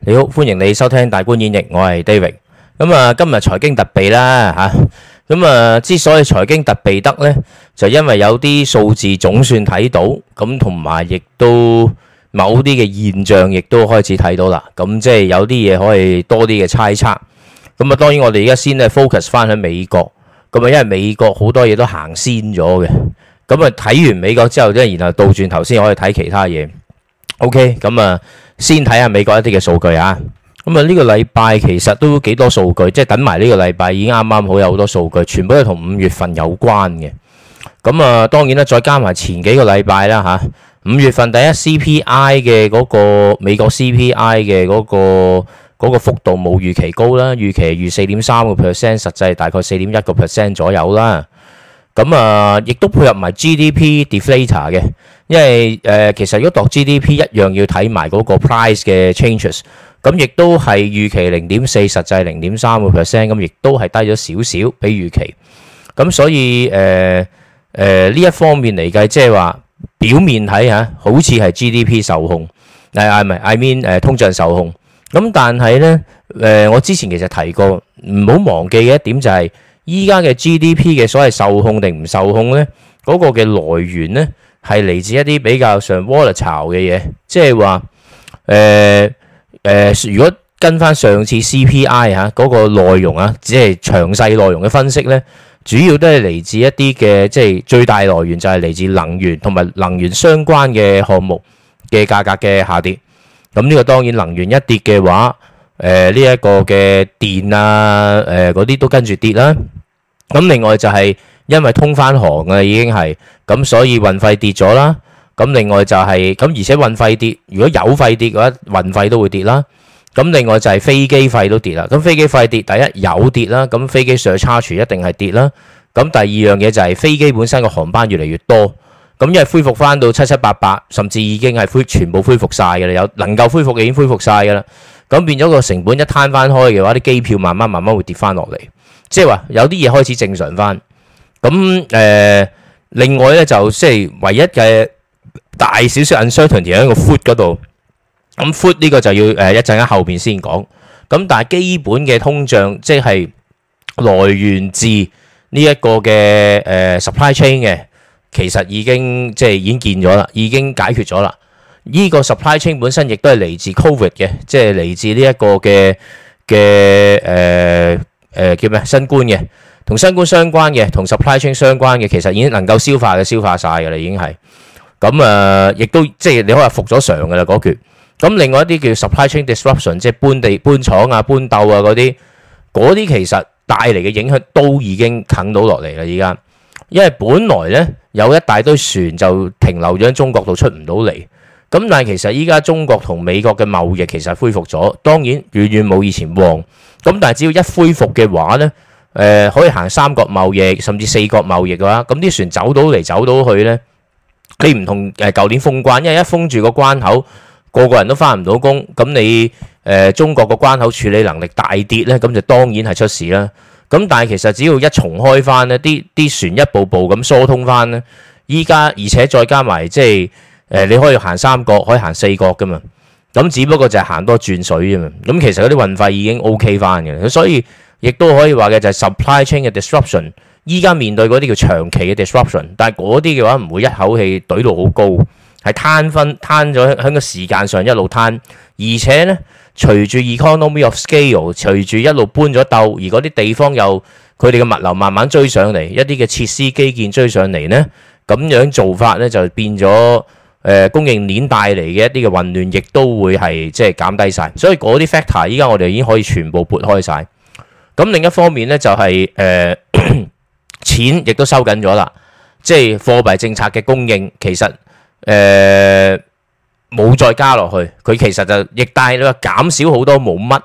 你好，歡迎你收聽大觀演繹，我係 David。咁啊，今日財經特備啦吓，咁啊，之所以財經特備得呢，就因為有啲數字總算睇到，咁同埋亦都某啲嘅現象亦都開始睇到啦。咁即係有啲嘢可以多啲嘅猜測。咁啊，當然我哋而家先係 focus 翻喺美國，咁啊，因為美國好多嘢都行先咗嘅。咁啊，睇完美國之後，即然後倒轉頭先，可以睇其他嘢。OK，咁啊。先睇下美國一啲嘅數據啊！咁、嗯、啊，呢、這個禮拜其實都幾多數據，即係等埋呢個禮拜已經啱啱好有好多數據，全部都同五月份有關嘅。咁、嗯、啊，當然啦，再加埋前幾個禮拜啦嚇。五月份第一 CPI 嘅嗰、那個美國 CPI 嘅嗰、那個那個幅度冇預期高啦，預期預四點三個 percent，實際大概四點一個 percent 左右啦。咁啊，亦、嗯、都配合埋 GDP deflator 嘅。因為誒，其實如果度 G D P 一樣要睇埋嗰個 price 嘅 changes，咁亦都係預期零點四，實際零點三個 percent，咁亦都係低咗少少，比預期。咁所以誒誒呢一方面嚟計，即係話表面睇吓，好似係 G D P 受控，係 I 唔係 I mean 誒通脹受控。咁但係咧誒，我之前其實提過，唔好忘記嘅一點就係依家嘅 G D P 嘅所謂受控定唔受控咧，嗰個嘅來源咧。係嚟自一啲比較上 volatile 嘅嘢，即係話誒誒，如果跟翻上次 CPI 嚇嗰個內容啊，即係詳細內容嘅分析咧，主要都係嚟自一啲嘅，即係最大來源就係嚟自能源同埋能源相關嘅項目嘅價格嘅下跌。咁呢個當然能源一跌嘅話，誒呢一個嘅電啊誒嗰啲都跟住跌啦。咁另外就係、是。因為通返航啊，已經係咁，所以運費跌咗啦。咁另外就係、是、咁，而且運費跌，如果有費跌嘅話，運費都會跌啦。咁另外就係飛機費都跌啦。咁飛機費跌，第一有跌啦。咁飛機上 surcharge 一定係跌啦。咁第二樣嘢就係、是、飛機本身個航班越嚟越多，咁因為恢復翻到七七八八，甚至已經係恢全部恢復晒嘅啦，有能夠恢復嘅已經恢復晒嘅啦。咁變咗個成本一攤翻開嘅話，啲機票慢慢慢慢會跌翻落嚟，即係話有啲嘢開始正常翻。咁誒、呃，另外咧就即、是、係唯一嘅大小小 uncertainty 喺個 f、嗯、oot 嗰度。咁 foot 呢個就要誒一陣間後邊先講。咁但係基本嘅通脹，即係來源自呢一個嘅誒 supply chain 嘅，其實已經即係已經見咗啦，已經解決咗啦。呢、這個 supply chain 本身亦都係嚟自 covid 嘅，即係嚟自呢一個嘅嘅誒誒叫咩？新冠嘅。同新冠相關嘅，同 supply chain 相關嘅，其實已經能夠消化嘅，消化晒嘅啦，已經係咁誒，亦、呃、都即係你可以話復咗常嘅啦嗰橛。咁另外一啲叫 supply chain disruption，即係搬地搬廠啊、搬鬥啊嗰啲，嗰啲其實帶嚟嘅影響都已經啃到落嚟啦。依家因為本來呢有一大堆船就停留咗喺中國度出唔到嚟，咁但係其實依家中國同美國嘅貿易其實恢復咗，當然遠遠冇以前旺，咁但係只要一恢復嘅話呢。誒可以行三角貿易，甚至四角貿易嘅話，咁啲船走到嚟走到去咧，你唔同誒舊年封關，因為一封住個關口，個個人都翻唔到工，咁你誒中國個關口處理能力大跌咧，咁就當然係出事啦。咁但係其實只要一重開翻咧，啲啲船一步步咁疏通翻咧，依家而且再加埋即係誒你可以行三角，可以行四角嘅嘛，咁只不過就係行多轉水啫嘛。咁其實嗰啲運費已經 OK 翻嘅，所以。亦都可以話嘅就係 supply chain 嘅 disruption，依家面對嗰啲叫長期嘅 disruption，但係嗰啲嘅話唔會一口氣懟到好高，係攤分攤咗喺個時間上一路攤，而且呢，隨住 economy of scale，隨住一路搬咗竇，而嗰啲地方又佢哋嘅物流慢慢追上嚟，一啲嘅設施基建追上嚟呢，咁樣做法呢，就變咗誒、呃、供應鏈帶嚟嘅一啲嘅混亂，亦都會係即係減低晒。所以嗰啲 factor 依家我哋已經可以全部撥開晒。咁另一方面咧，就係、是、誒、呃、 錢亦都收緊咗啦，即係貨幣政策嘅供應其實誒冇、呃、再加落去，佢其實就亦帶嚟話減少好多冇乜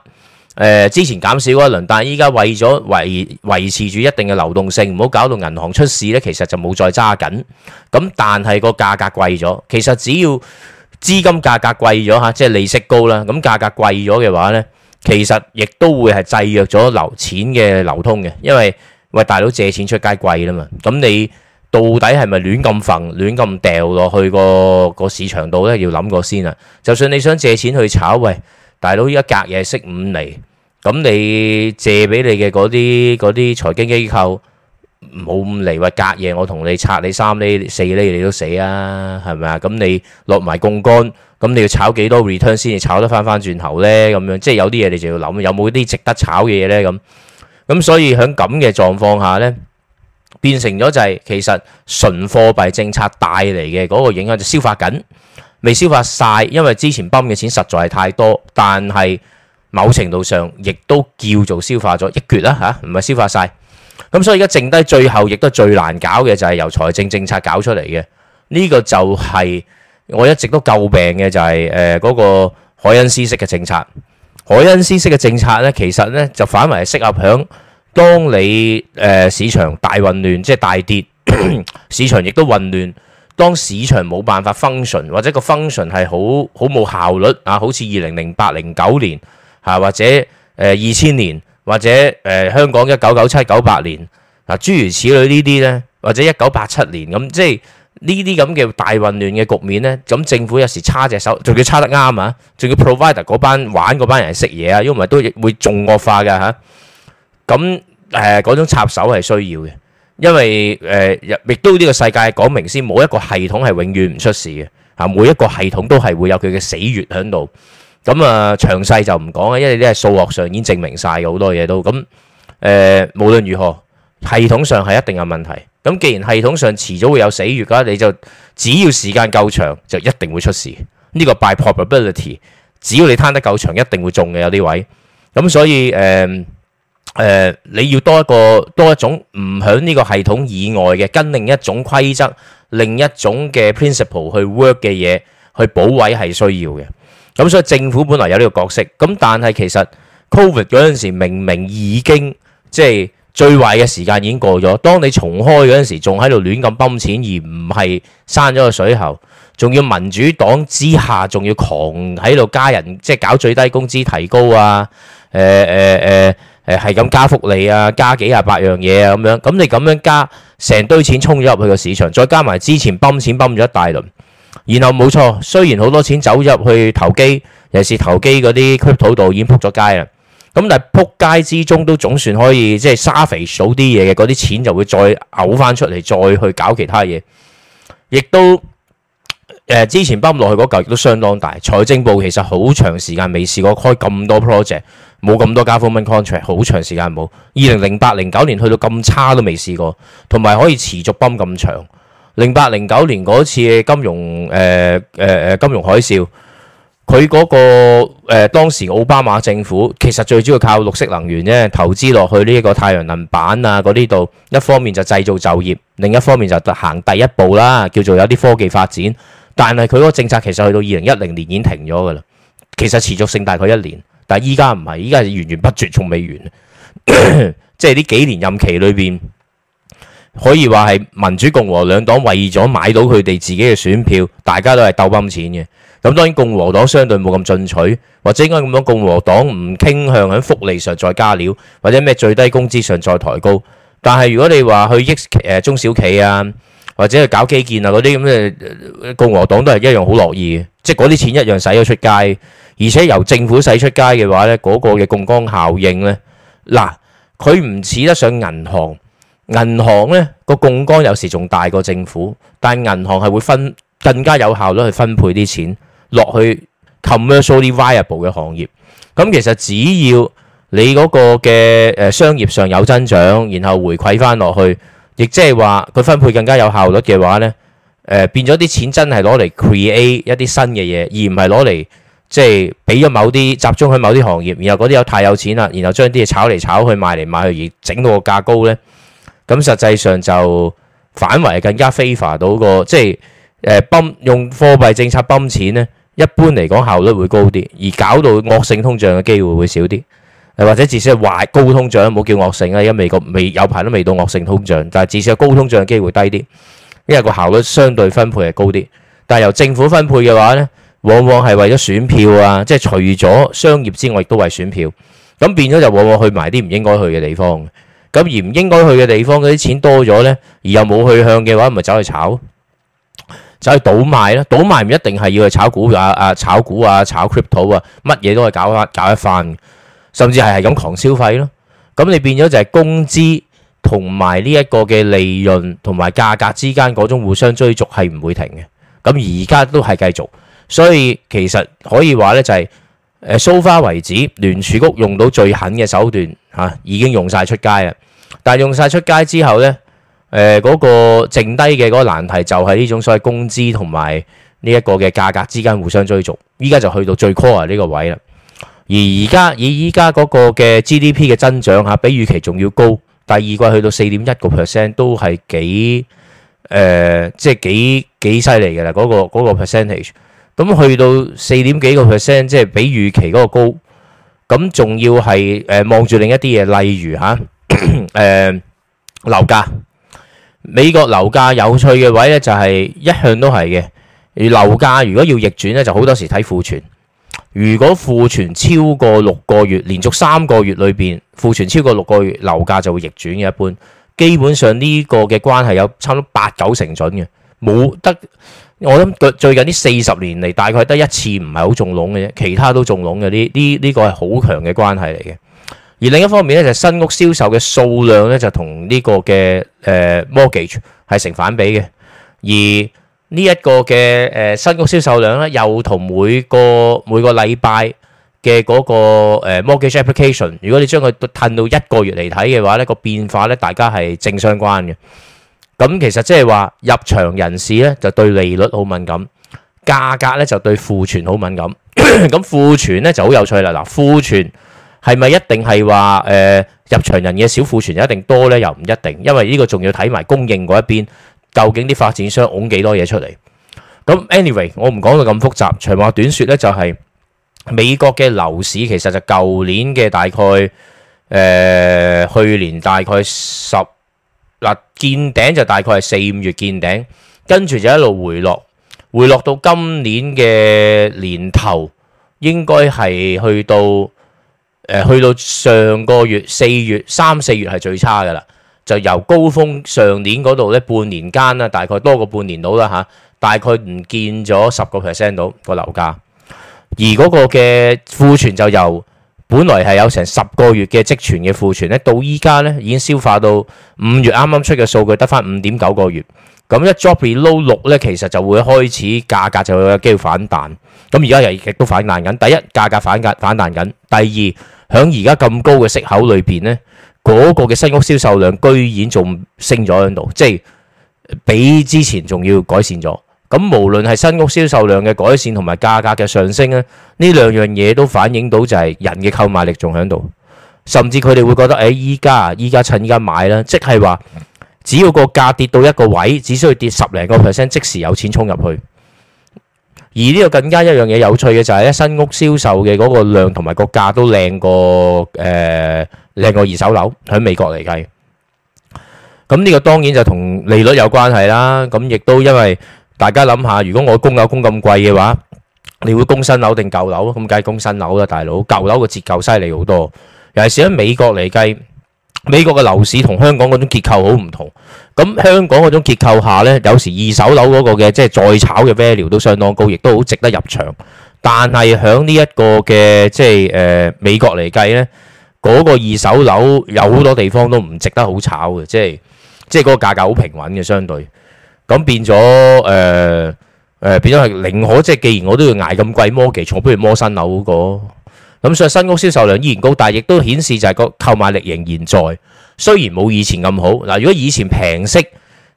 誒，之前減少嗰輪，但係依家為咗維維持住一定嘅流動性，唔好搞到銀行出事咧，其實就冇再揸緊。咁但係個價格貴咗，其實只要資金價格貴咗吓，即係利息高啦，咁價格貴咗嘅話咧。其實亦都會係制約咗流錢嘅流通嘅，因為喂大佬借錢出街貴啦嘛，咁 你到底係咪亂咁馴亂咁掉落去個個市場度咧？要諗過先啊！就算你想借錢去炒，喂大佬依家隔夜息五厘。咁你借俾你嘅啲嗰啲財經機構。唔好咁嚟，話隔夜我同你拆你三厘四厘你都死啊，係咪啊？咁你落埋槓桿，咁你要炒幾多 return 先至炒得翻翻轉頭呢？咁樣即係有啲嘢你就要諗，有冇啲值得炒嘅嘢呢？咁咁所以喺咁嘅狀況下呢，變成咗就係其實純貨幣政策帶嚟嘅嗰個影響就消化緊，未消化晒，因為之前泵嘅錢實在係太多，但係某程度上亦都叫做消化咗一橛啦吓，唔係消化晒。咁所以而家剩低最後亦都最難搞嘅就係由財政政策搞出嚟嘅，呢個就係我一直都詬病嘅就係誒嗰個凱恩斯式嘅政策。凱恩斯式嘅政策咧，其實咧就反為適合響當你誒、呃、市場大混亂，即係大跌， 市場亦都混亂，當市場冇辦法 function 或者個 function 係好好冇效率啊，好似二零零八零九年嚇或者誒二千年。或者誒、呃、香港一九九七九八年嗱，諸如此類呢啲呢，或者一九八七年咁，即係呢啲咁嘅大混亂嘅局面呢。咁政府有時叉隻手，仲要叉得啱啊，仲要 provide 嗰班玩嗰班人食嘢啊，因為都會重惡化嘅嚇。咁誒嗰種插手係需要嘅，因為誒亦、呃、都呢個世界講明先，冇一個系統係永遠唔出事嘅嚇、啊，每一個系統都係會有佢嘅死穴喺度。咁啊，詳細就唔講啦，因為呢係數學上已經證明曬嘅好多嘢都咁誒。無論如何，系統上係一定有問題。咁既然系統上遲早會有死穴嘅，你就只要時間夠長，就一定會出事。呢個 by probability，只要你攤得夠長，一定會中嘅有啲位。咁所以誒誒，你要多一個多一種唔響呢個系統以外嘅，跟另一種規則、另一種嘅 principle 去 work 嘅嘢去補位係需要嘅。咁、嗯、所以政府本來有呢個角色，咁但係其實 Covid 嗰陣時明明已經即係、就是、最壞嘅時間已經過咗，當你重開嗰陣時仲喺度亂咁泵錢，而唔係閂咗個水喉，仲要民主黨之下仲要狂喺度加人，即、就、係、是、搞最低工資提高啊，誒誒誒誒係咁加福利啊，加幾廿八樣嘢啊咁樣，咁你咁樣加成堆錢沖咗入去個市場，再加埋之前泵錢泵咗一大輪。然後冇錯，雖然好多錢走入去投機，尤其是投機嗰啲 Crypto 度已經仆咗街啦。咁但係仆街之中，都總算可以即係沙肥數啲嘢嘅，嗰啲錢就會再嘔翻出嚟，再去搞其他嘢。亦都誒、呃，之前泵落去嗰嚿亦都相當大。財政部其實好長時間未試過開咁多 project，冇咁多 government contract，好長時間冇。二零零八、零九年去到咁差都未試過，同埋可以持續泵咁長。零八零九年嗰次金融誒誒、呃呃、金融海嘯，佢嗰、嗰個誒、呃、當時奧巴馬政府其實最主要靠綠色能源啫，投資落去呢一個太陽能板啊嗰啲度，一方面就製造就業，另一方面就行第一步啦，叫做有啲科技發展。但係佢嗰個政策其實去到二零一零年已經停咗噶啦，其實持續性大概一年，但係依家唔係，依家係源源不絕從未完， 即係呢幾年任期裏邊。可以話係民主共和兩黨為咗買到佢哋自己嘅選票，大家都係鬥陰錢嘅。咁當然共和黨相對冇咁進取，或者應該咁樣，共和黨唔傾向喺福利上再加料，或者咩最低工資上再抬高。但係如果你話去益，呃、中小企啊，或者去搞基建啊，嗰啲咁嘅共和黨都係一樣好樂意嘅，即係嗰啲錢一樣使咗出街。而且由政府使出街嘅話呢嗰，嗰個嘅槓桿效應呢，嗱，佢唔似得上銀行。銀行呢個槓桿有時仲大過政府，但係銀行係會分更加有效率去分配啲錢落去 commercially viable 嘅行業。咁其實只要你嗰個嘅商業上有增長，然後回饋翻落去，亦即係話佢分配更加有效率嘅話呢，誒、呃、變咗啲錢真係攞嚟 create 一啲新嘅嘢，而唔係攞嚟即係俾咗某啲集中喺某啲行業，然後嗰啲有太有錢啦，然後將啲嘢炒嚟炒去，賣嚟賣去而整到個價高呢。咁實際上就反而更加 favor 到個，即係誒濫用貨幣政策泵錢咧，一般嚟講效率會高啲，而搞到惡性通脹嘅機會會少啲。誒或者至少係壞高通脹，冇叫惡性啊，因為美國未有排都未到惡性通脹，但係至少高通脹嘅機會低啲，因為個效率相對分配係高啲。但係由政府分配嘅話咧，往往係為咗選票啊，即係除咗商業之外，亦都為選票。咁變咗就往往去埋啲唔應該去嘅地方。咁而唔應該去嘅地方，嗰啲錢多咗呢，而又冇去向嘅話，咪走去炒，走去倒賣啦！倒賣唔一定係要去炒股啊，啊炒股啊，炒 crypto 啊，乜嘢都係搞翻搞一番，甚至係係咁狂消費咯。咁你變咗就係工資同埋呢一個嘅利潤同埋價格之間嗰種互相追逐係唔會停嘅。咁而家都係繼續，所以其實可以話呢就係誒 so far 為止，聯儲局用到最狠嘅手段。吓，已經用晒出街啦。但係用晒出街之後呢，誒嗰個剩低嘅嗰個難題就係呢種所謂工資同埋呢一個嘅價格之間互相追逐，依家就去到最 core 呢個位啦。而而家以依家嗰個嘅 GDP 嘅增長吓，比預期仲要高，第二季去到四點一個 percent 都係幾誒，即係幾幾犀利嘅啦。嗰個嗰個 percentage，咁去到四點幾個 percent，即係比預期嗰個高。咁仲要係誒望住另一啲嘢，例如嚇誒、 呃、樓價。美國樓價有趣嘅位呢，就係一向都係嘅。而樓價如果要逆轉呢，就好多時睇庫存。如果庫存超過六個月，連續三個月裏邊庫存超過六個月，樓價就會逆轉嘅。一般基本上呢個嘅關係有差唔多八九成準嘅，冇得。我諗最近呢四十年嚟，大概得一次唔係好中籠嘅啫，其他都中籠嘅。呢呢呢個係好強嘅關係嚟嘅。而另一方面呢，就是、新屋銷售嘅數量呢，就同呢個嘅誒、呃、mortgage 係成反比嘅。而呢一個嘅誒、呃、新屋銷售量呢，又同每個每個禮拜嘅嗰、那個、呃、mortgage application，如果你將佢褪到一個月嚟睇嘅話呢、那個變化呢，大家係正相關嘅。咁其實即係話入場人士咧就對利率好敏感，價格咧就對庫存好敏感。咁庫 存咧就好有趣啦。嗱，庫存係咪一定係話誒入場人嘅小庫存就一定多咧？又唔一定，因為呢個仲要睇埋供應嗰一邊，究竟啲發展商拱幾多嘢出嚟。咁 anyway，我唔講到咁複雜，長話短説咧就係、是、美國嘅樓市其實就舊年嘅大概誒、呃、去年大概十。嗱，見頂就大概係四五月見頂，跟住就一路回落，回落到今年嘅年頭應該係去到、呃、去到上個月四月三四月係最差㗎啦，就由高峰上年嗰度呢半年間啦，大概多過半年到啦嚇，大概唔見咗十個 percent 到個樓價，而嗰個嘅庫存就由本來係有成十個月嘅積存嘅庫存咧，到依家咧已經消化到五月啱啱出嘅數據得翻五點九個月。咁一 drop below 六咧，其實就會開始價格就會有機會反彈。咁而家又亦都反彈緊。第一，價格反彈反彈緊；第二，響而家咁高嘅息口裏邊咧，嗰個嘅新屋銷售量居然仲升咗喺度，即係比之前仲要改善咗。咁，無論係新屋銷售量嘅改善同埋價格嘅上升咧，呢兩樣嘢都反映到就係人嘅購買力仲喺度，甚至佢哋會覺得，誒依家依家趁依家買啦。即係話，只要個價跌到一個位，只需要跌十零個 percent，即時有錢衝入去。而呢個更加一樣嘢有趣嘅就係咧，一新屋銷售嘅嗰個量同埋個價都靚過誒，靚過二手樓喺美國嚟計。咁呢個當然就同利率有關係啦。咁亦都因為。大家諗下，如果我供樓供咁貴嘅話，你會供新樓定舊樓？咁梗係供新樓啦，大佬。舊樓嘅折舊犀利好多。尤其係喺美國嚟計，美國嘅樓市同香港嗰種結構好唔同。咁香港嗰種結構下呢，有時二手樓嗰個嘅即係再炒嘅 value 都相當高，亦都好值得入場。但係喺呢一個嘅即係誒、呃、美國嚟計呢，嗰、嗰個二手樓有好多地方都唔值得好炒嘅，即係即係嗰個價格好平穩嘅，相對。咁變咗誒誒變咗係寧可即係，既然我都要捱咁貴摩記，我不如摩新樓嗰個。咁所以新屋銷售量依然高，但係亦都顯示就係個購買力仍然在，雖然冇以前咁好嗱。如果以前平息，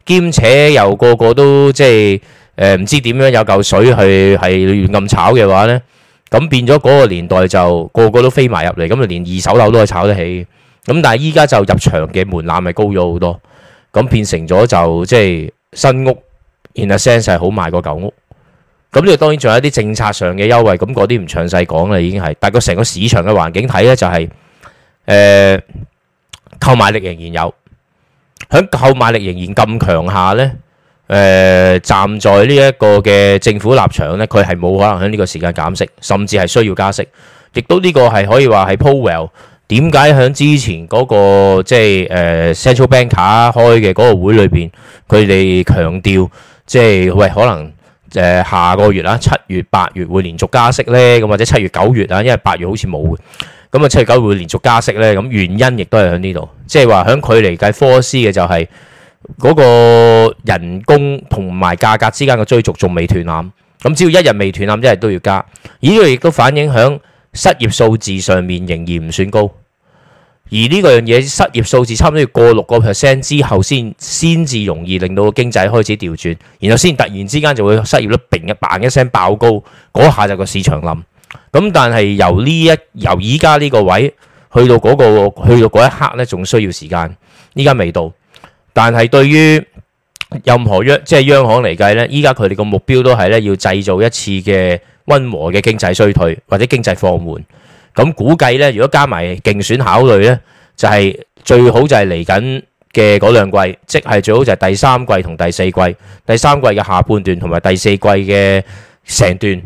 兼且又個個都即係誒唔知點樣有嚿水去係亂咁炒嘅話咧，咁變咗嗰個年代就個個都飛埋入嚟，咁就連二手樓都係炒得起。咁但係依家就入場嘅門檻咪高咗好多，咁變成咗就即係。新屋，in a sense 係好賣過舊屋，咁呢，當然仲有一啲政策上嘅優惠，咁嗰啲唔詳細講啦，已經係。但個成個市場嘅環境睇呢，就係誒購買力仍然有，喺購買力仍然咁強下呢，誒站在呢一個嘅政府立場呢，佢係冇可能喺呢個時間減息，甚至係需要加息，亦都呢個係可以話係 Powell。點解喺之前嗰、那個即係誒 Central Bank、er、開嘅嗰個會裏邊，佢哋強調即係、就是、喂，可能誒、呃、下個月啦，七月、八月會連續加息咧，咁或者七月、九月啊，因為八月好似冇嘅，咁啊七月九月會連續加息咧，咁原因亦都係喺呢度，即係話喺佢嚟計，科斯嘅就係、是、嗰個人工同埋價格之間嘅追逐仲未斷纜，咁只要一日未斷纜，一日都要加，依個亦都反映喺。失業數字上面仍然唔算高，而呢個樣嘢失業數字差唔多要過六個 percent 之後，先先至容易令到經濟開始調轉，然後先突然之間就會失業率並一 bang 一聲爆高，嗰下就個市場冧。咁但係由呢一由而家呢個位去到嗰、嗰個去到嗰一刻呢，仲需要時間。依家未到，但係對於任何央即係央行嚟計呢，依家佢哋個目標都係呢，要製造一次嘅。溫和嘅經濟衰退或者經濟放緩，咁估計呢，如果加埋競選考慮呢，就係最好就係嚟緊嘅嗰兩季，即係最好就係第三季同第四季，第三季嘅下半段同埋第四季嘅成段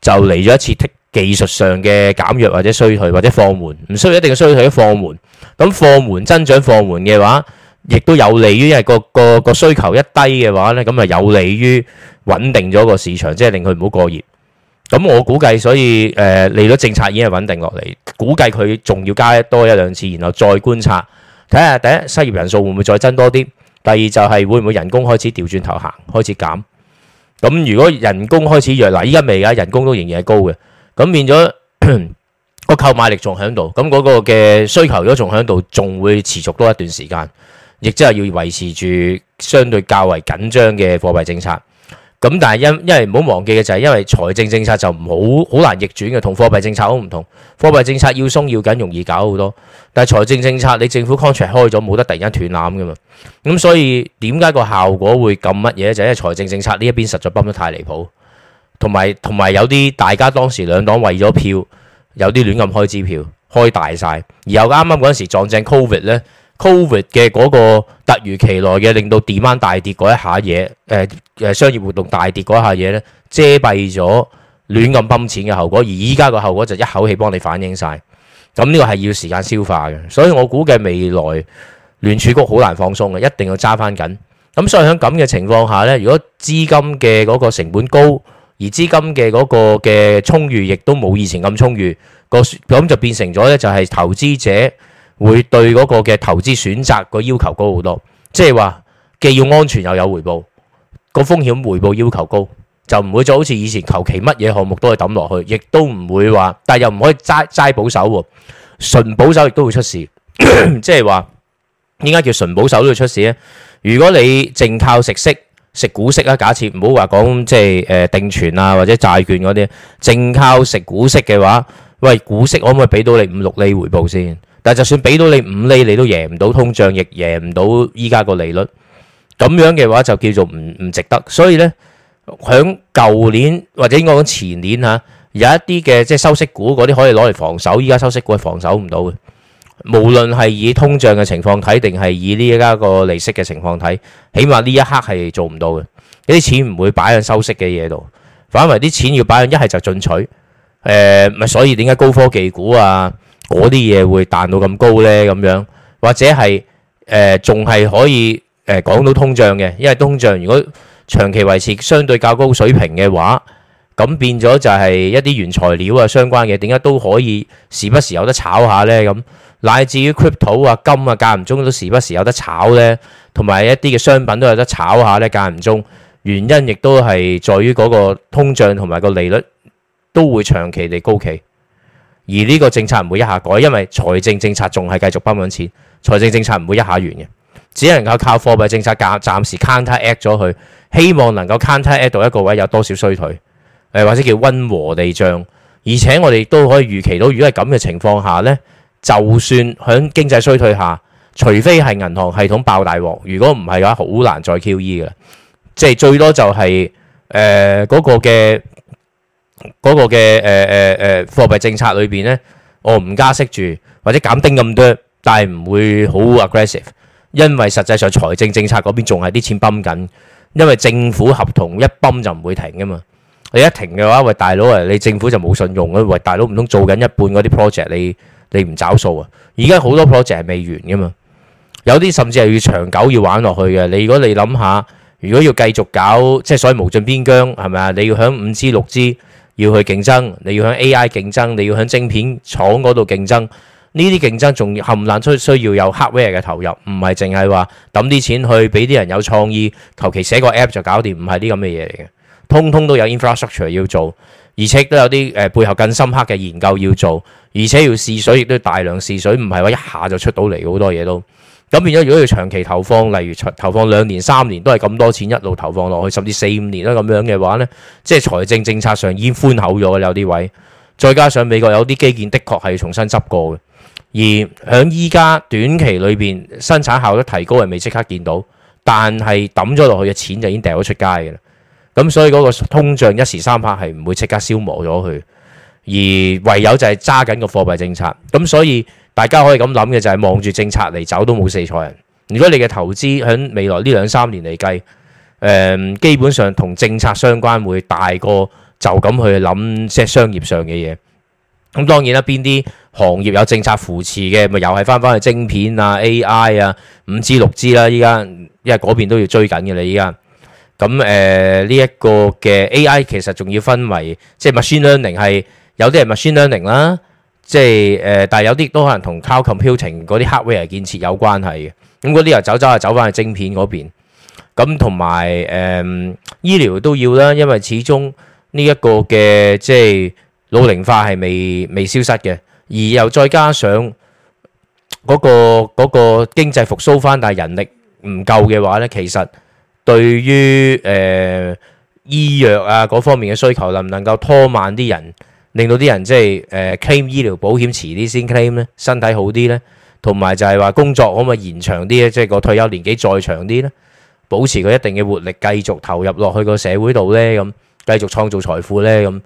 就嚟咗一次技術上嘅減弱或者衰退或者放緩，唔需要一定要衰退或者放緩。咁放緩增長放緩嘅話，亦都有利於因為個個個需求一低嘅話呢，咁啊有利於穩定咗個市場，即係令佢唔好過熱。咁我估計，所以誒，利率政策已經係穩定落嚟，估計佢仲要加多一兩次，然後再觀察，睇下第一失業人數會唔會再增多啲，第二就係會唔會人工開始調轉頭行，開始減。咁如果人工開始弱，嗱依家未㗎，人工都仍然係高嘅，咁變咗個購買力仲喺度，咁嗰個嘅需求如果仲喺度，仲會持續多一段時間，亦即係要維持住相對較為緊張嘅貨幣政策。咁但係因因為唔好忘記嘅就係，因為財政政策就唔好好難逆轉嘅，同貨幣政策好唔同。貨幣政策要鬆要緊容易搞好多，但係財政政策你政府 contract 開咗冇得突然間斷纜㗎嘛。咁所以點解個效果會咁乜嘢就係因為財政政策呢一邊實在崩得太離譜，同埋同埋有啲大家當時兩黨為咗票有啲亂咁開支票開大晒。而後啱啱嗰陣時撞正 covid 呢，Covid 嘅嗰個突如其來嘅，令到 demand 大跌嗰一下嘢，誒、呃、誒商業活動大跌嗰一下嘢呢，遮蔽咗亂咁抌錢嘅後果。而依家個後果就一口氣幫你反映晒。咁呢個係要時間消化嘅。所以我估計未來聯儲局好難放鬆嘅，一定要揸翻緊。咁所以喺咁嘅情況下呢，如果資金嘅嗰個成本高，而資金嘅嗰個嘅充裕亦都冇以前咁充裕，個咁就變成咗呢，就係投資者。會對嗰個嘅投資選擇個要求高好多，即係話既要安全又有回報，個風險回報要求高就唔會再好似以前求其乜嘢項目都係抌落去，亦都唔會話，但係又唔可以齋齋保守喎，純保守亦都會出事。即係話點解叫純保守都會出事呢。如果你淨靠食息食股息啦，假設唔好話講即係誒定存啊或者債券嗰啲，淨靠食股息嘅話，喂股息可唔可以俾到你五六厘回報先？但係就算俾到你五厘，你都贏唔到通脹，亦贏唔到依家個利率。咁樣嘅話就叫做唔唔值得。所以呢，響舊年或者應該講前年嚇，有一啲嘅即係收息股嗰啲可以攞嚟防守。依家收息股係防守唔到嘅。無論係以通脹嘅情況睇，定係以呢家個利息嘅情況睇，起碼呢一刻係做唔到嘅。啲錢唔會擺喺收息嘅嘢度，反為啲錢要擺喺一係就進取。誒咪所以點解高科技股啊？嗰啲嘢會彈到咁高呢？咁樣或者係誒仲係可以誒、呃、講到通脹嘅，因為通脹如果長期維持相對較高水平嘅話，咁變咗就係一啲原材料啊，相關嘅點解都可以時不時有得炒下呢？咁，乃至於 crypto 啊金啊間唔中都時不時有得炒呢，同埋一啲嘅商品都有得炒下呢。間唔中，原因亦都係在於嗰個通脹同埋個利率都會長期地高企。而呢個政策唔會一下改，因為財政政策仲係繼續泵緊錢，財政政策唔會一下完嘅，只能夠靠貨幣政策暫暫時 counteract 咗佢，希望能夠 counteract 到一個位有多少衰退，呃、或者叫溫和地漲，而且我哋都可以預期到，如果係咁嘅情況下呢，就算響經濟衰退下，除非係銀行系統爆大鑊，如果唔係嘅話，好難再 QE 嘅，即係最多就係誒嗰個嘅。嗰個嘅誒誒誒貨幣政策裏邊咧，我唔加息住或者減丁咁多，但係唔會好 aggressive，因為實際上財政政策嗰邊仲係啲錢泵緊，因為政府合同一泵就唔會停噶嘛。你一停嘅話，喂大佬啊，你政府就冇信用啊。喂，大佬，唔通做緊一半嗰啲 project，你你唔找數啊？而家好多 project 係未完噶嘛，有啲甚至係要長久要玩落去嘅。你如果你諗下，如果要繼續搞，即係所謂無盡邊疆係咪啊？你要響五支六支。要去競爭，你要喺 AI 競爭，你要喺晶片廠嗰度競爭。呢啲競爭仲冚唪唥需需要有 hardware 嘅投入，唔係淨係話揼啲錢去俾啲人有創意，求其寫個 app 就搞掂，唔係啲咁嘅嘢嚟嘅。通通都有 infrastructure 要做，而且都有啲誒背後更深刻嘅研究要做，而且要試水，亦都大量試水，唔係話一下就出到嚟嘅好多嘢都。咁變咗，如果要長期投放，例如投放兩年、三年都係咁多錢一路投放落去，甚至四五年啦咁樣嘅話呢，即係財政政策上已經寬厚咗，有啲位，再加上美國有啲基建的確係重新執過嘅，而喺依家短期裏邊生產效率提高係未即刻見到，但係抌咗落去嘅錢就已經掉咗出街嘅啦，咁所以嗰個通脹一時三刻係唔會即刻消磨咗佢。而唯有就係揸緊個貨幣政策，咁所以。大家可以咁諗嘅就係望住政策嚟走都冇死錯人。如果你嘅投資喺未來呢兩三年嚟計，誒基本上同政策相關會大過就咁去諗即商業上嘅嘢。咁當然啦，邊啲行業有政策扶持嘅，咪又係翻翻去晶片啊、AI 啊、五 G、六 G 啦。依家因為嗰邊都要追緊嘅，你依家咁誒呢一個嘅 AI 其實仲要分為即係 machine learning 係有啲係 machine learning 啦。即係誒、呃，但係有啲都可能同 cloud computing 嗰啲 hardware 建設有關係嘅，咁嗰啲又走走又走翻去晶片嗰邊，咁同埋誒醫療都要啦，因為始終呢一個嘅即係老齡化係未未消失嘅，而又再加上嗰、嗰個嗰、嗰個經濟復甦翻，但係人力唔夠嘅話呢，其實對於誒、呃、醫藥啊嗰方面嘅需求能唔能夠拖慢啲人？令到啲人即係誒、呃、claim 醫療保險遲啲先 claim 咧，身體好啲咧，同埋就係話工作可唔可以延長啲咧，即係個退休年紀再長啲咧，保持佢一定嘅活力，繼續投入落去個社會度咧，咁、嗯、繼續創造財富咧，咁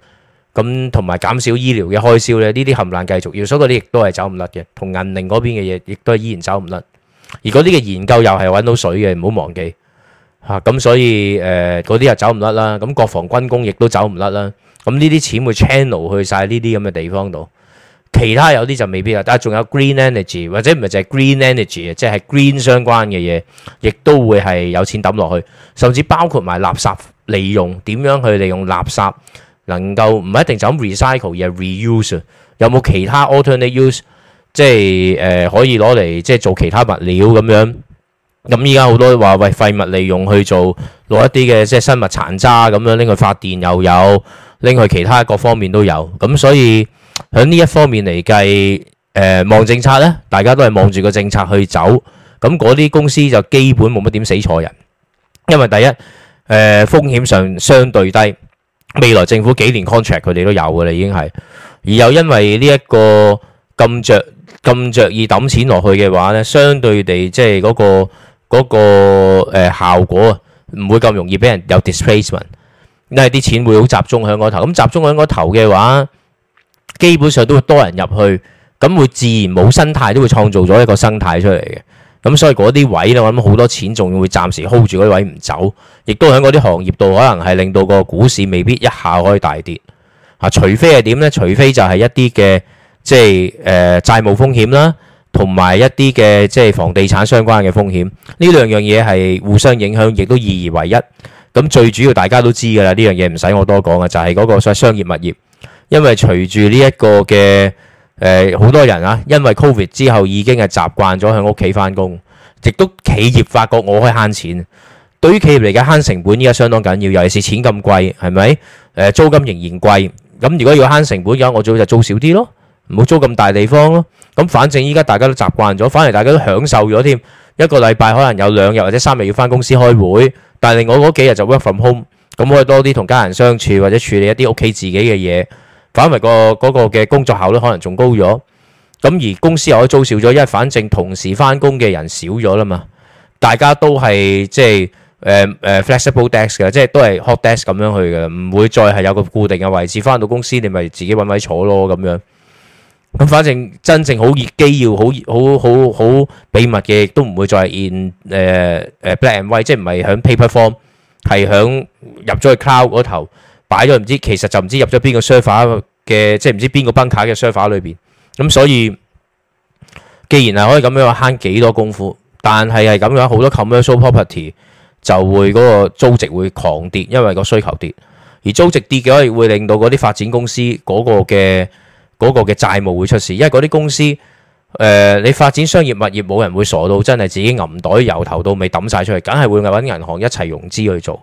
咁同埋減少醫療嘅開銷咧，呢啲冚 𠾴 唥繼續要，所以嗰啲亦都係走唔甩嘅，同銀齡嗰邊嘅嘢亦都係依然走唔甩。而嗰啲嘅研究又係揾到水嘅，唔好忘記嚇。咁、啊、所以誒嗰啲又走唔甩啦，咁國防軍工亦都走唔甩啦。咁呢啲錢會 channel 去曬呢啲咁嘅地方度，其他有啲就未必啦。但係仲有 green energy 或者唔係淨係 green energy，即係 green 相關嘅嘢，亦都會係有錢抌落去，甚至包括埋垃圾利用點樣去利用垃圾，能夠唔一定就咁 recycle 而係 reuse，有冇其他 alternative，即係誒可以攞嚟即係做其他物料咁樣。咁依家好多話喂廢物利用去做攞一啲嘅即係生物殘渣咁樣拎去發電又有。另外其他各方面都有，咁所以喺呢一方面嚟計，誒望政策咧，大家都係望住個政策去走，咁嗰啲公司就基本冇乜點死錯人，因為第一誒風險上相對低，未來政府幾年 contract 佢哋都有㗎啦，已經係，而又因為呢一個咁著咁著意揼錢落去嘅話咧，相對地即係嗰個嗰個誒效果唔會咁容易俾人有 displacement。因為啲錢會好集中喺個頭，咁集中喺個頭嘅話，基本上都會多人入去，咁會自然冇生態都會創造咗一個生態出嚟嘅，咁所以嗰啲位咧，我諗好多錢仲會暫時 hold 住嗰啲位唔走，亦都喺嗰啲行業度，可能係令到個股市未必一下可以大跌，啊，除非係點呢？除非就係一啲嘅即係誒債務風險啦，同埋一啲嘅即係房地產相關嘅風險，呢兩樣嘢係互相影響，亦都二而為一。咁最主要大家都知噶啦，呢樣嘢唔使我多講啊，就係、是、嗰個所謂商業物業，因為隨住呢一個嘅誒，好、呃、多人啊，因為 Covid 之後已經係習慣咗喺屋企翻工，亦都企業發覺我可以慳錢。對於企業嚟講，慳成本依家相當緊要，尤其是錢咁貴，係咪？誒、呃，租金仍然貴，咁如果要慳成本嘅話，我最好就租少啲咯，唔好租咁大地方咯。咁反正依家大家都習慣咗，反而大家都享受咗添，一個禮拜可能有兩日或者三日要翻公司開會。但係另外嗰幾日就 work from home，咁可以多啲同家人相處，或者處理一啲屋企自己嘅嘢，反為個嗰個嘅工作效率可能仲高咗。咁而公司又可以租少咗，因為反正同時翻工嘅人少咗啦嘛，大家都係即係誒誒 flexible desk 嘅，即係都係 hot desk 咁樣去嘅，唔會再係有個固定嘅位置翻到公司，你咪自己揾位坐咯咁樣。咁反正真正好熱機要好好好好秘密嘅，亦都唔會再係 in 誒，誒 black and white，即係唔係響 paper form，係響入咗去 cloud 嗰頭擺咗唔知，其實就唔知入咗邊個 server 嘅，即係唔知邊個 bunker 嘅 server 裏邊。咁、嗯、所以既然係可以咁樣慳幾多功夫，但係係咁樣好多 commercial property 就會嗰、嗰個租值會狂跌，因為個需求跌。而租值跌嘅可以會令到嗰啲發展公司嗰個嘅。嗰個嘅債務會出事，因為嗰啲公司，誒、呃，你發展商業物業，冇人會傻到真係自己銀袋由頭到尾揼晒出去，梗係會揾銀行一齊融資去做。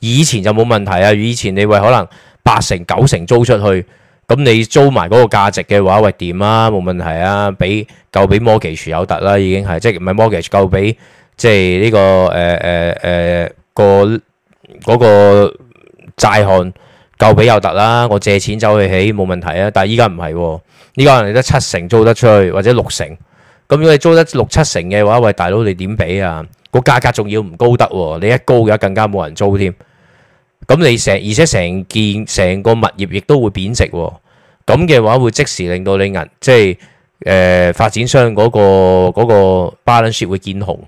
以前就冇問題啊，以前你會可能八成九成租出去，咁你租埋嗰個價值嘅話，喂掂啊，冇問題啊，俾夠俾 mortgage 有突啦，已經係即係唔係 mortgage 夠俾即係呢、這個誒誒誒個嗰個債項。夠俾又得啦，我借錢走去起冇問題啊！但係依家唔係，依家可能得七成租得出去，或者六成。咁如果你租得六七成嘅話，喂大佬你點俾啊？個價格仲要唔高得喎？你一高嘅話更加冇人租添。咁你成而且成件成個物業亦都會貶值，咁嘅話會即時令到你銀即係誒、呃、發展商嗰個嗰個 balance 會見紅，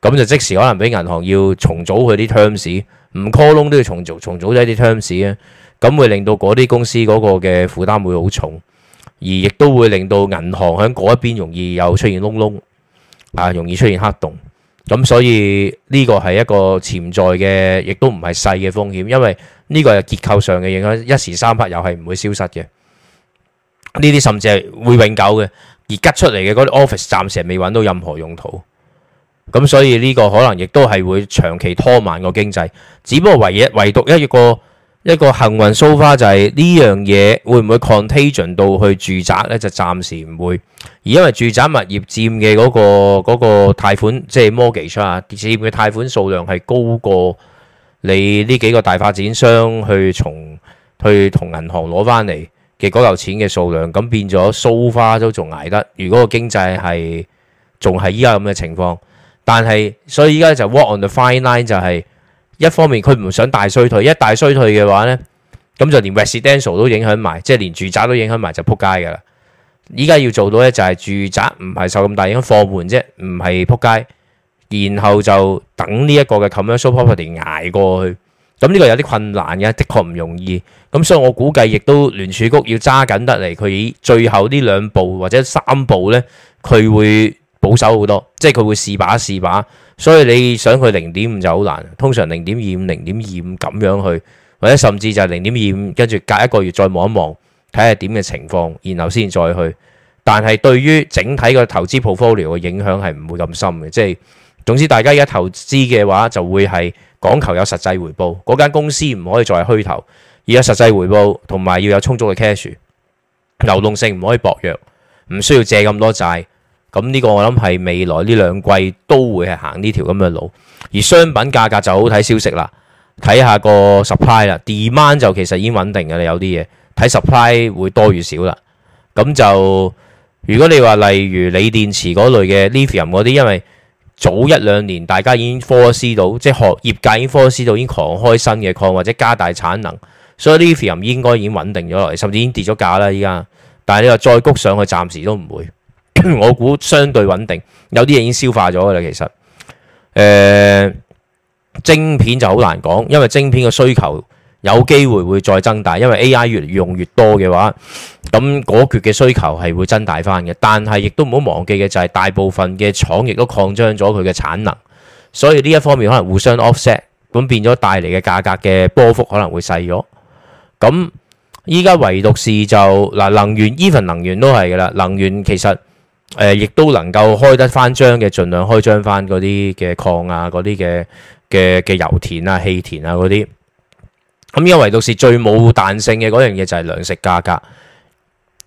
咁就即時可能俾銀行要重組佢啲 terms，唔 call 窿都要重組重組低啲 terms 啊！咁會令到嗰啲公司嗰個嘅負擔會好重，而亦都會令到銀行喺嗰一邊容易有出現窿窿，啊，容易出現黑洞。咁、啊、所以呢、呢個係一個潛在嘅，亦都唔係細嘅風險，因為呢個係結構上嘅影響，一時三刻又係唔會消失嘅。呢啲甚至係會永久嘅，而吉出嚟嘅嗰啲 office 暫時未揾到任何用途。咁、啊、所以呢個可能亦都係會長期拖慢個經濟。只不過唯一唯獨一個。一個幸運蘇花就係呢樣嘢會唔會 contagion 到去住宅呢？就暫時唔會，而因為住宅物業佔嘅嗰個貸款，即係 mortgage 啊，佔嘅貸款數量係高過你呢幾個大發展商去從去同銀行攞翻嚟嘅嗰嚿錢嘅數量，咁變咗蘇花都仲捱得。如果個經濟係仲係依家咁嘅情況，但係所以依家就 walk on the fine line 就係。一方面佢唔想大衰退，一大衰退嘅話呢，咁就連 residential 都影響埋，即係連住宅都影響埋就扑街噶啦。依家要做到呢，就係住宅唔係受咁大影響，貨門啫，唔係扑街。然後就等呢一個嘅 commercial property 捱過去，咁呢個有啲困難嘅，的確唔容易。咁所以我估計亦都聯儲局要揸緊得嚟，佢最後呢兩步或者三步呢，佢會保守好多，即係佢會試把試把。所以你想去零點五就好難，通常零點二五、零點二五咁樣去，或者甚至就係零點二五，跟住隔一個月再望一望，睇下點嘅情況，然後先再去。但係對於整體個投資 portfolio 嘅影響係唔會咁深嘅，即係總之大家而家投資嘅話就會係講求有實際回報，嗰間公司唔可以再係虛頭，要有實際回報，同埋要有充足嘅 cash 流動性唔可以薄弱，唔需要借咁多債。咁呢個我諗係未來呢兩季都會係行呢條咁嘅路，而商品價格就好睇消息啦，睇下個 supply 啦，demand 就其實已經穩定嘅啦，有啲嘢睇 supply 會多與少啦。咁就如果你話例如鋰電池嗰類嘅 lithium 嗰啲，因為早一兩年大家已經 foresee 到，即係學業界已經 foresee 到已經狂開新嘅礦或者加大產能，所以 lithium 應該已經穩定咗落嚟，甚至已經跌咗價啦依家。但係你話再谷上去，暫時都唔會。 我估相對穩定，有啲嘢已經消化咗噶啦。其實，誒、呃，晶片就好難講，因為晶片嘅需求有機會會再增大，因為 AI 越，越用越多嘅話，咁嗰缺嘅需求係會增大翻嘅。但係亦都唔好忘記嘅就係，大部分嘅廠亦都擴張咗佢嘅產能，所以呢一方面可能互相 offset，咁變咗帶嚟嘅價格嘅波幅可能會細咗。咁依家唯獨是就嗱能源，even 能源都係噶啦，能源其實。誒、呃，亦都能夠開得翻張嘅，盡量開張翻嗰啲嘅礦啊，嗰啲嘅嘅嘅油田啊、氣田啊嗰啲。咁因為到時最冇彈性嘅嗰樣嘢就係糧食價格，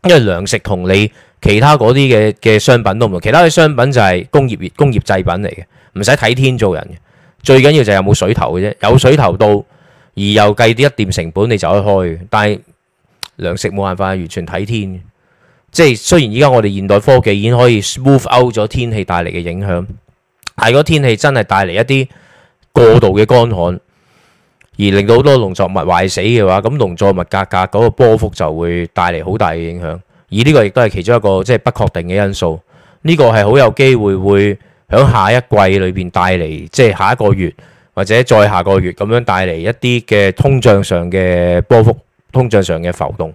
因為糧食同你其他嗰啲嘅嘅商品都唔同，其他嘅商品就係工業、業工業製品嚟嘅，唔使睇天做人嘅。最緊要就係有冇水頭嘅啫，有水頭到而又計啲一點成本，你就可以開。但係糧食冇辦法完全睇天。即係雖然依家我哋現代科技已經可以 smooth out 咗天氣帶嚟嘅影響，但係如果天氣真係帶嚟一啲過度嘅乾旱，而令到好多農作物壞死嘅話，咁農作物價格嗰個波幅就會帶嚟好大嘅影響。而呢個亦都係其中一個即係不確定嘅因素。呢、這個係好有機會會響下一季裏邊帶嚟，即、就、係、是、下一個月或者再下個月咁樣帶嚟一啲嘅通脹上嘅波幅，通脹上嘅浮動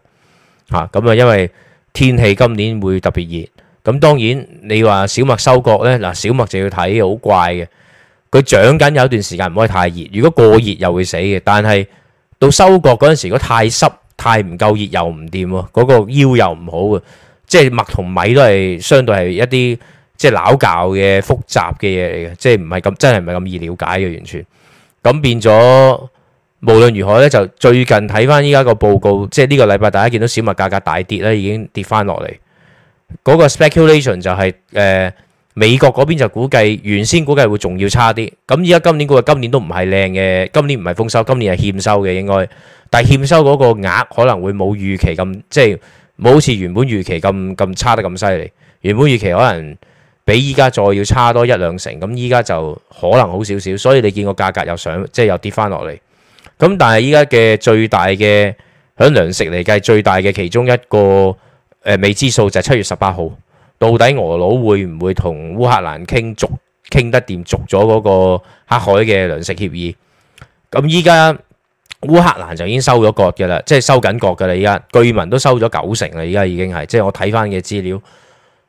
吓咁啊，就因為。天氣今年會特別熱，咁當然你話小麥收割呢，嗱小麥就要睇好怪嘅，佢長緊有一段時間唔可以太熱，如果過熱又會死嘅。但係到收割嗰陣時，如果太濕、太唔夠熱又唔掂喎，嗰個腰又唔好啊，即係麥同米都係相對係一啲即係撈教嘅複雜嘅嘢嚟嘅，即係唔係咁真係唔係咁易了解嘅完全，咁變咗。無論如何咧，就最近睇翻依家個報告，即係呢個禮拜大家見到小麥價格大跌咧，已經跌翻落嚟。嗰個 speculation 就係誒美國嗰邊就估計，原先估計會仲要差啲。咁依家今年估計今年都唔係靚嘅，今年唔係豐收，今年係欠收嘅應該。但係欠收嗰個額可能會冇預期咁，即係冇好似原本預期咁咁差得咁犀利。原本預期可能比依家再要差多一兩成，咁依家就可能好少少。所以你見個價格又上，即係又跌翻落嚟。咁但係依家嘅最大嘅，喺糧食嚟計最大嘅其中一個誒、呃、未知數就係七月十八號，到底俄佬會唔會同烏克蘭傾續傾得掂續咗嗰個黑海嘅糧食協議？咁依家烏克蘭就已經收咗割嘅啦，即係收緊割嘅啦。依家據聞都收咗九成啦，依家已經係即係我睇翻嘅資料，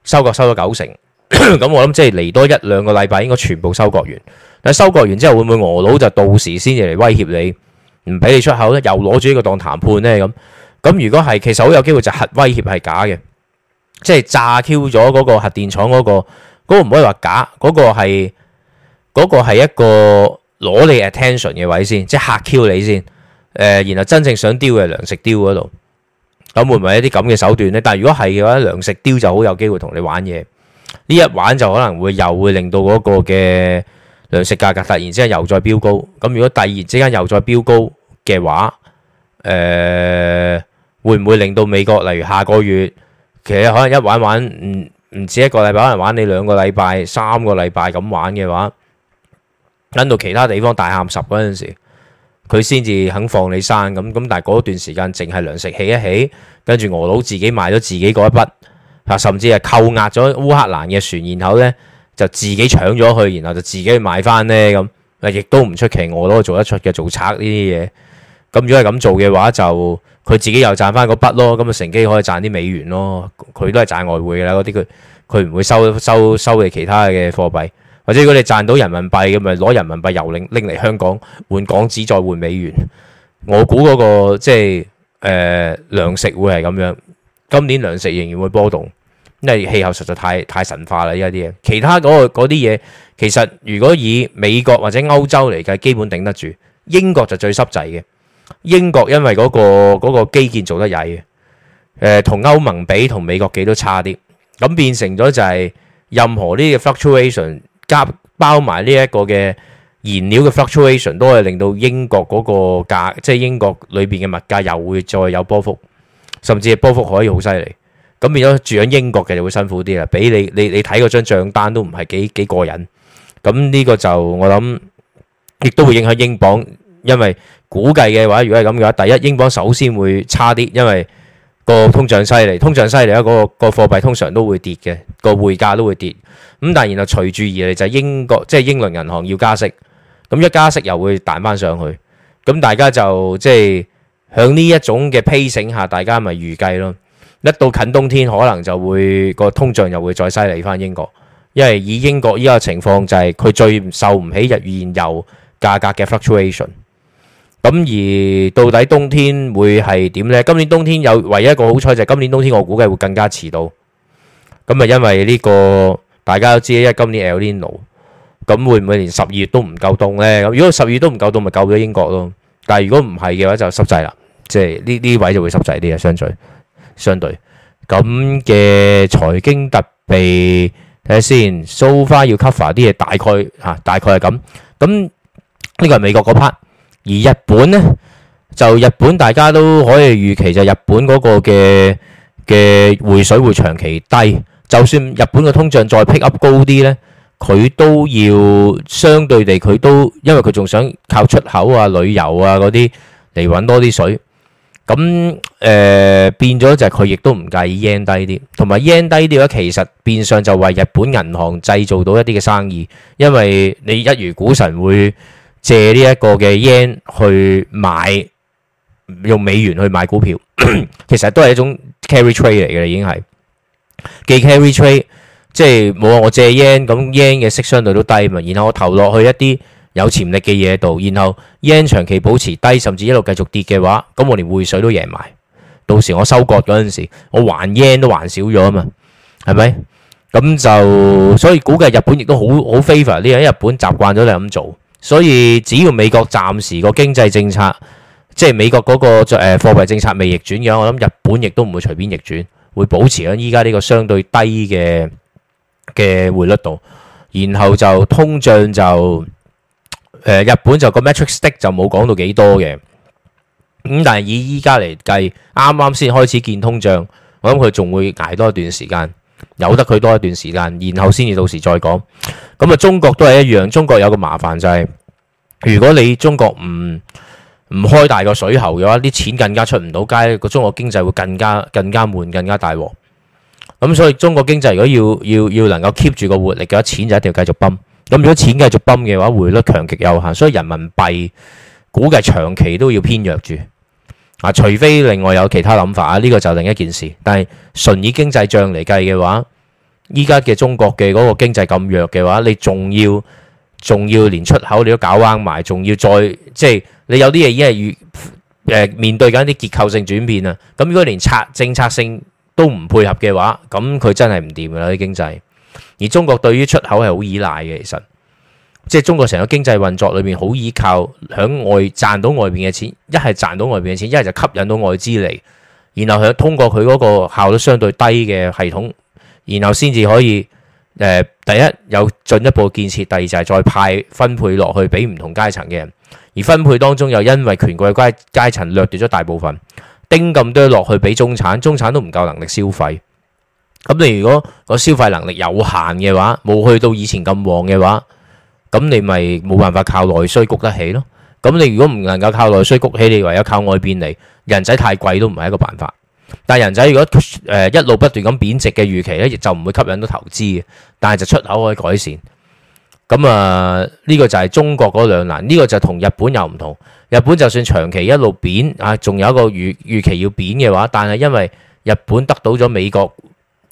收割收咗九成。咁 我諗即係嚟多一兩個禮拜應該全部收割完。但係收割完之後會唔會俄佬就到時先嚟威脅你？唔俾你出口咧，又攞住呢個當談判咧咁。咁如果係，其實好有機會就核威脅係假嘅，即係炸 Q 咗嗰個核電廠嗰、那個，嗰、那個唔可以話假，嗰、那個係、那個係一個攞你 attention 嘅位先，即係吓 Q 你先。誒、呃，然後真正想丟嘅糧食丟嗰度，咁會唔會一啲咁嘅手段咧？但係如果係嘅話，糧食丟就好有機會同你玩嘢，呢一玩就可能會又會令到嗰個嘅。糧食價格突然之間又再飆高，咁如果突然之間又再飆高嘅話，誒、呃、會唔會令到美國例如下個月其實可能一玩玩唔唔止一個禮拜，可能玩你兩個禮拜、三個禮拜咁玩嘅話，等到其他地方大喊十嗰陣時，佢先至肯放你生咁咁，但係嗰段時間淨係糧食起一起，跟住俄佬自己賣咗自己嗰一筆，啊甚至係扣押咗烏克蘭嘅船，然後呢。就自己搶咗去，然後就自己買翻呢。咁，亦都唔出奇，我都做得出嘅做賊呢啲嘢。咁如果係咁做嘅話，就佢自己又賺翻嗰筆咯。咁啊，乘機可以賺啲美元咯。佢都係賺外匯㗎啦，嗰啲佢佢唔會收收收你其他嘅貨幣，或者如果你賺到人民幣，咁咪攞人民幣又拎拎嚟香港換港紙，再換美元。我估嗰、嗰個即係誒、呃、糧食會係咁樣，今年糧食仍然會波動。因為氣候實在太太神化啦，依家啲嘢，其他嗰啲嘢，其實如果以美國或者歐洲嚟計，基本頂得住。英國就最濕滯嘅，英國因為嗰、嗰個嗰個基建做得曳嘅，同、呃、歐盟比，同美國幾都差啲。咁變成咗就係任何呢個 fluctuation 加包埋呢一個嘅燃料嘅 fluctuation，都係令到英國嗰個價，即、就、係、是、英國裏邊嘅物價又會再有波幅，甚至係波幅可以好犀利。咁變咗住喺英國嘅就會辛苦啲啦，俾你你你睇嗰張賬單都唔係幾幾過癮。咁呢個就我諗亦都會影響英鎊，因為估計嘅話，如果係咁嘅話，第一英鎊首先會差啲，因為個通脹犀利，通脹犀利啊，嗰個個貨幣通常都會跌嘅，個匯價都會跌。咁但係然後隨住而嚟就係英國即係英倫銀行要加息，咁一加息又會彈翻上去。咁大家就即係響呢一種嘅批醒下，大家咪預計咯。一到近冬天，可能就會個通脹又會再犀利返英國，因為以英國依家嘅情況就係佢最受唔起日原油價格嘅 fluctuation。咁而到底冬天會係點呢？今年冬天有唯一一個好彩就係今年冬天我估計會更加遲到。咁啊，因為呢個大家都知，因為今年 El Nino，咁會唔會連十二月都唔夠凍呢？咁如果十二月都唔夠凍，咪救咗英國咯。但係如果唔係嘅話就，就濕滯啦，即係呢呢位就會濕滯啲啊。相對。相對咁嘅財經特備睇下先 so far 要 cover 啲嘢，大概吓、啊，大概係咁。咁呢個係美國 part，而日本咧就日本，大家都可以預期就日本嗰個嘅嘅匯水會長期低。就算日本嘅通脹再 pick up 高啲咧，佢都要相對地，佢都因為佢仲想靠出口啊、旅遊啊啲嚟揾多啲水。咁誒變咗就係佢亦都唔介意 yen 低啲，同埋 yen 低啲嘅話，其實變相就為日本銀行製造到一啲嘅生意，因為你一如股神會借呢一個嘅 yen 去買，用美元去買股票，其實都係一種 carry trade 嚟嘅啦，已經係既 carry trade，即係冇話，我借 yen，咁 yen 嘅息相對都低嘛，然後我投落去一啲有潛力嘅嘢喺度，然後 yen 長期保持低，甚至一路繼續跌嘅話，咁我連匯水都贏埋。到時我收割嗰陣時，我還 yen 都還少咗啊嘛，係咪？咁就所以估計日本亦都好好 favor 呢樣。日本習慣咗你咁做，所以只要美國暫時個經濟政策即係美國嗰個誒貨幣政策未逆轉嘅，我諗日本亦都唔會隨便逆轉，會保持喺依家呢個相對低嘅嘅匯率度，然後就通脹就。日本就個 metric stick 就冇講到幾多嘅，咁但係以依家嚟計，啱啱先開始見通脹，我諗佢仲會捱多一段時間，由得佢多一段時間，然後先至到時再講。咁、嗯、啊，中國都係一樣，中國有個麻煩就係、是，如果你中國唔唔開大個水喉嘅話，啲錢更加出唔到街，個中國經濟會更加更加悶，更加大鑊。咁、嗯、所以中國經濟如果要要要能夠 keep 住個活力嘅話，錢就一定要繼續泵。咁如果錢繼續崩嘅話，匯率強極有限，所以人民幣估計長期都要偏弱住。啊，除非另外有其他諗法，呢個就另一件事。但係純以經濟帳嚟計嘅話，依家嘅中國嘅嗰個經濟咁弱嘅話，你仲要仲要連出口你都搞歪埋，仲要再即係你有啲嘢已經係遇誒面對緊啲結構性轉變啊。咁如果連策政策性都唔配合嘅話，咁佢真係唔掂㗎喇，啲經濟。而中國對於出口係好依賴嘅，其實即係中國成個經濟運作裏面好依靠響外賺到外面嘅錢，一係賺到外面嘅錢，一係就吸引到外資嚟，然後佢通過佢嗰個效率相對低嘅系統，然後先至可以誒、呃、第一有進一步建設，第二就係再派分配落去俾唔同階層嘅人，而分配當中又因為權貴階階層掠奪咗大部分，掟咁多落去俾中產，中產都唔夠能力消費。咁你如果個消費能力有限嘅話，冇去到以前咁旺嘅話，咁你咪冇辦法靠內需谷得起咯。咁你如果唔能夠靠內需谷起你，你唯有靠外邊嚟。人仔太貴都唔係一個辦法。但人仔如果誒、呃、一路不斷咁貶值嘅預期咧，亦就唔會吸引到投資嘅。但係就出口可以改善。咁啊，呢、呃呢個就係中國嗰兩難呢、呢個就同日本又唔同。日本就算長期一路貶啊，仲有一個預預期要貶嘅話，但係因為日本得到咗美國。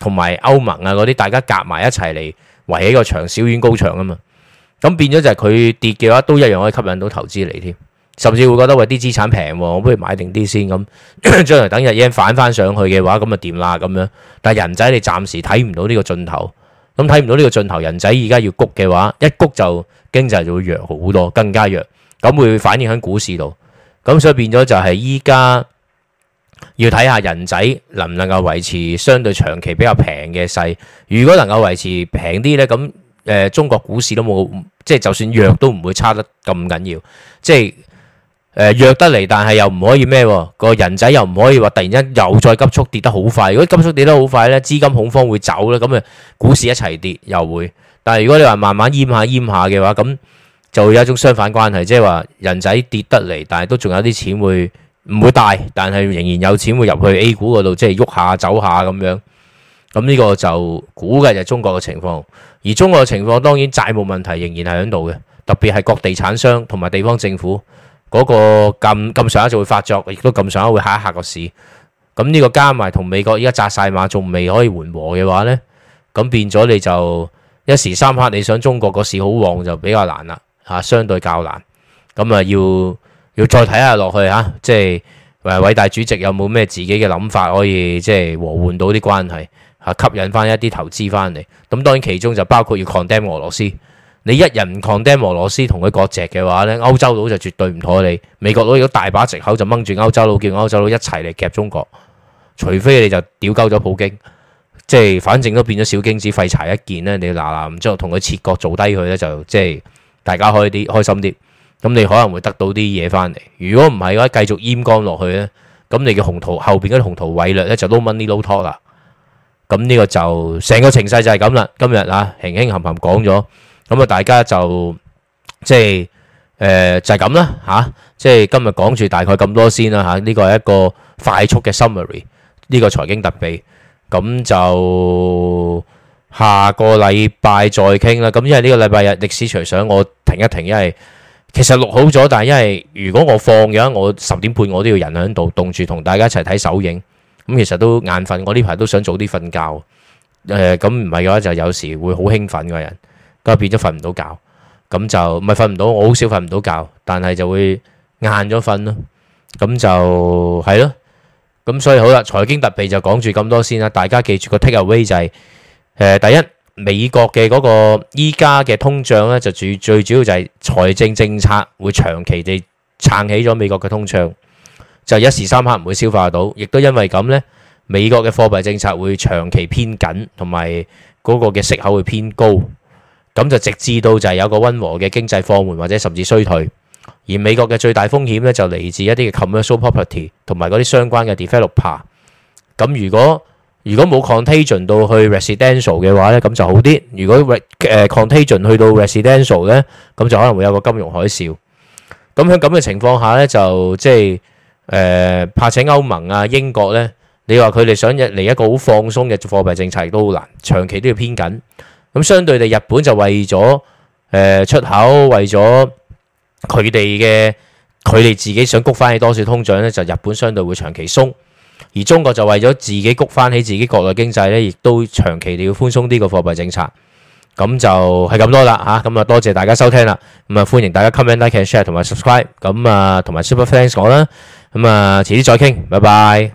同埋歐盟啊嗰啲，大家夾埋一齊嚟圍起一個長小院高牆啊嘛，咁變咗就係佢跌嘅話，都一樣可以吸引到投資嚟添，甚至會覺得喂，啲資產平喎、啊，我不如買定啲先咁， 將來等日圓反翻上去嘅話，咁啊掂啦咁樣。但係人仔你暫時睇唔到呢個盡頭，咁睇唔到呢個盡頭，人仔而家要谷嘅話，一谷就經濟就會弱好多，更加弱，咁會反映喺股市度，咁所以變咗就係依家。要睇下人仔能唔能夠維持相對長期比較平嘅勢，如果能夠維持平啲呢，咁誒中國股市都冇，即係就算弱都唔會差得咁緊要，即係誒弱得嚟，但係又唔可以咩個人仔又唔可以話突然間又再急速跌得好快，如果急速跌得好快呢，資金恐慌會走咧，咁啊股市一齊跌又會，但係如果你話慢慢淹下淹下嘅話，咁就有一種相反關係，即係話人仔跌得嚟，但係都仲有啲錢會。唔會大，但係仍然有錢會入去 A 股嗰度，即係喐下走下咁樣。咁呢個就估計就中國嘅情況，而中國嘅情況當然債務問題仍然係喺度嘅，特別係各地產商同埋地方政府嗰個咁咁上下就會發作，亦都咁上下會吓下個市。咁呢個加埋同美國依家紮晒馬，仲未可以緩和嘅話呢，咁變咗你就一時三刻你想中國個市好旺就比較難啦，吓、啊、相對較難。咁啊要。要再睇下落去嚇，即係偉大主席有冇咩自己嘅諗法？可以即係和緩到啲關係，嚇吸引翻一啲投資翻嚟。咁當然其中就包括要 condemn 俄羅斯。你一人唔 condemn 俄羅斯同佢割席嘅話咧，歐洲佬就絕對唔妥你。美國佬如果大把藉口就掹住歐洲佬，叫歐洲佬一齊嚟夾中國，除非你就屌鳩咗普京，即係反正都變咗小精子廢柴一件咧，你嗱嗱唔之同佢切割做低佢咧，就即係大家開啲開心啲。咁你可能會得到啲嘢翻嚟。如果唔係嘅話，繼續淹光落去咧，咁你嘅鴻圖，後邊嘅鴻圖偉略咧，就 no money no talk 啦。咁呢個就成個情勢就係咁啦。今日啊，輕輕含含講咗，咁啊，大家就即係誒就係咁啦嚇。即係今日講住大概咁多先啦嚇。呢個係一個快速嘅 summary。呢個財經特備，咁就下個禮拜再傾啦。咁因為呢個禮拜日歷史除想我停一停，因為。其實錄好咗，但係因為如果我放嘅話，我十點半我都要人喺度凍住同大家一齊睇首映，咁其實都眼瞓，我呢排都想早啲瞓覺。誒、呃，咁唔係嘅話就有時會好興奮個人，咁變咗瞓唔到覺，咁就唔係瞓唔到，我好少瞓唔到覺，但係就會晏咗瞓咯，咁就係咯，咁所以好啦，財經特備就講住咁多先啦，大家記住、個 takeaway 就係、是呃，第一。美國嘅嗰個依家嘅通脹咧，就最最主要就係財政政策會長期地撐起咗美國嘅通脹，就一時三刻唔會消化到。亦都因為咁呢，美國嘅貨幣政策會長期偏緊，同埋嗰個嘅息口會偏高，咁就直至到就係有個溫和嘅經濟放緩或者甚至衰退。而美國嘅最大風險咧，就嚟自一啲嘅 commercial property 同埋嗰啲相關嘅 developer。咁如果如果冇 contagion 到去 residential 嘅話咧，咁就好啲。如果誒 contagion 去到 residential 咧，咁就可能會有個金融海嘯。咁喺咁嘅情況下咧，就即係誒，怕請歐盟啊、英國咧，你話佢哋想入嚟一個好放鬆嘅貨幣政策亦都好難，長期都要偏緊。咁相對地，日本就為咗誒出口，為咗佢哋嘅佢哋自己想谷翻起多少通脹咧，就日本相對會長期鬆。而中國就為咗自己谷翻起自己國內經濟咧，亦都長期地要寬鬆啲嘅貨幣政策，咁就係咁多啦嚇。咁啊，多謝大家收聽啦。咁、嗯、啊，歡迎大家 comment、like、share 同埋 subscribe。咁啊，同埋 super thanks 講啦。咁、嗯、啊，遲啲再傾，拜拜。